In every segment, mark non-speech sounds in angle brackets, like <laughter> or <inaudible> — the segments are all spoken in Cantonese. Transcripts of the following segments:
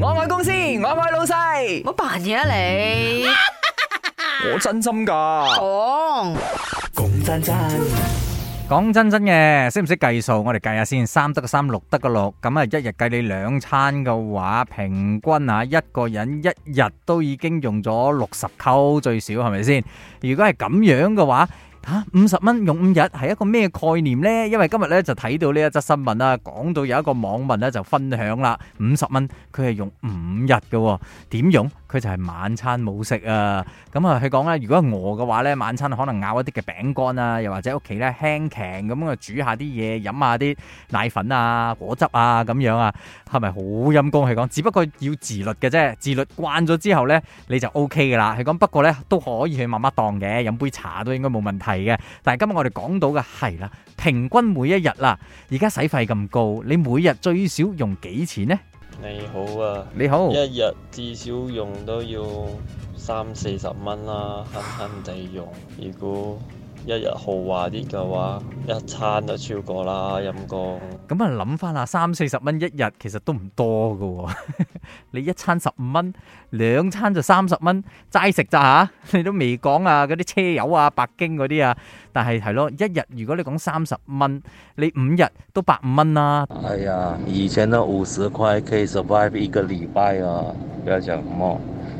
我愛公司，我愛老細。我扮嘢啊你！我真心噶。講講真真，講真真嘅，識唔識計數？我哋計下先，三得個三，六得個六。咁啊，一日計你兩餐嘅話，平均啊，一個人一日都已經用咗六十溝最少，係咪先？如果係咁樣嘅話。吓，五十蚊用五日係一個咩概念呢？因為今日咧就睇到呢一則新聞啦，講到有一個網民咧就分享啦，五十蚊佢係用五日嘅，點用？佢就係晚餐冇食啊，咁啊佢講啦，如果餓嘅話咧，晚餐可能咬一啲嘅餅乾啊，又或者屋企咧輕強咁啊煮下啲嘢，飲下啲奶粉啊、果汁啊咁樣啊，係咪好陰功？佢講，只不過要自律嘅啫，自律慣咗之後咧你就 OK 嘅啦。佢講，不過咧都可以去媽媽檔嘅，飲杯茶都應該冇問題嘅。但係今日我哋講到嘅係啦，平均每一日啦、啊，而家使費咁高，你每日最少用幾錢呢？你好啊，你好，一日至少用都要三四十蚊啦、啊，慳慳地用，如果。一日豪華啲嘅話，一餐都超過啦，陰功。咁啊諗翻啊，三四十蚊一日其實都唔多噶，哦。 <laughs> 你一餐十五蚊，兩餐就三十蚊，齋食咋吓？你都未講啊，嗰啲車友啊，北京嗰啲啊。但係係咯，一日如果你講三十蚊，你五日都百五蚊啦，啊。哎呀，以前都五十塊可以 survive 一個禮拜啊，嗱，就冇。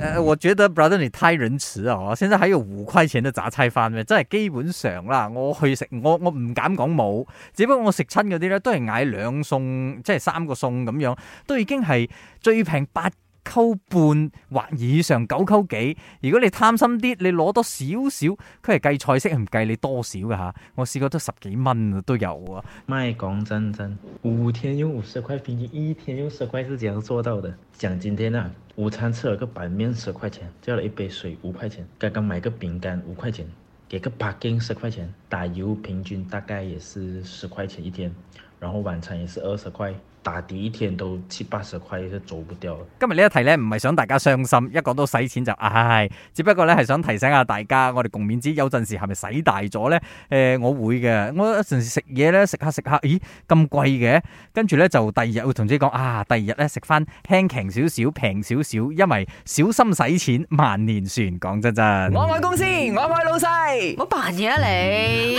誒、呃，我覺得 Brother 你太仁慈啊！我，先生喺度五塊錢都雜菜飯咩？真係基本上啦，我去食，我我唔敢講冇，只不過我食親嗰啲咧，都係嗌兩餸，即係三個餸咁樣，都已經係最平八。扣半或以上九扣幾，如果你貪心啲，你攞多少少，佢係計菜式唔計你多少嘅吓。我試過都十幾蚊都有啊。唔係講真真，五天用五十塊平均，一天用十塊是幾多做到的？講今天啊，午餐吃了個板麵十塊錢，叫了一杯水五塊錢，剛剛買個餅乾五塊錢，給個 parking 十塊錢，打油平均大概也是十塊錢一天。然後晚餐也是二十塊，打底一天都七八十塊，是走不掉。今日呢一題呢，唔係想大家傷心，一講到使錢就唉、哎。只不過呢係想提醒下大家，我哋共勉之，有陣時係咪使大咗呢？誒、呃，我會嘅，我有陣時食嘢呢，食下食下，咦咁貴嘅？跟住呢，就第二日會同自己講啊，第二日呢，食翻輕強少少，平少少，因為小心使錢，萬年船，講真真、嗯。我愛公司，我愛老細，唔好扮嘢啊你。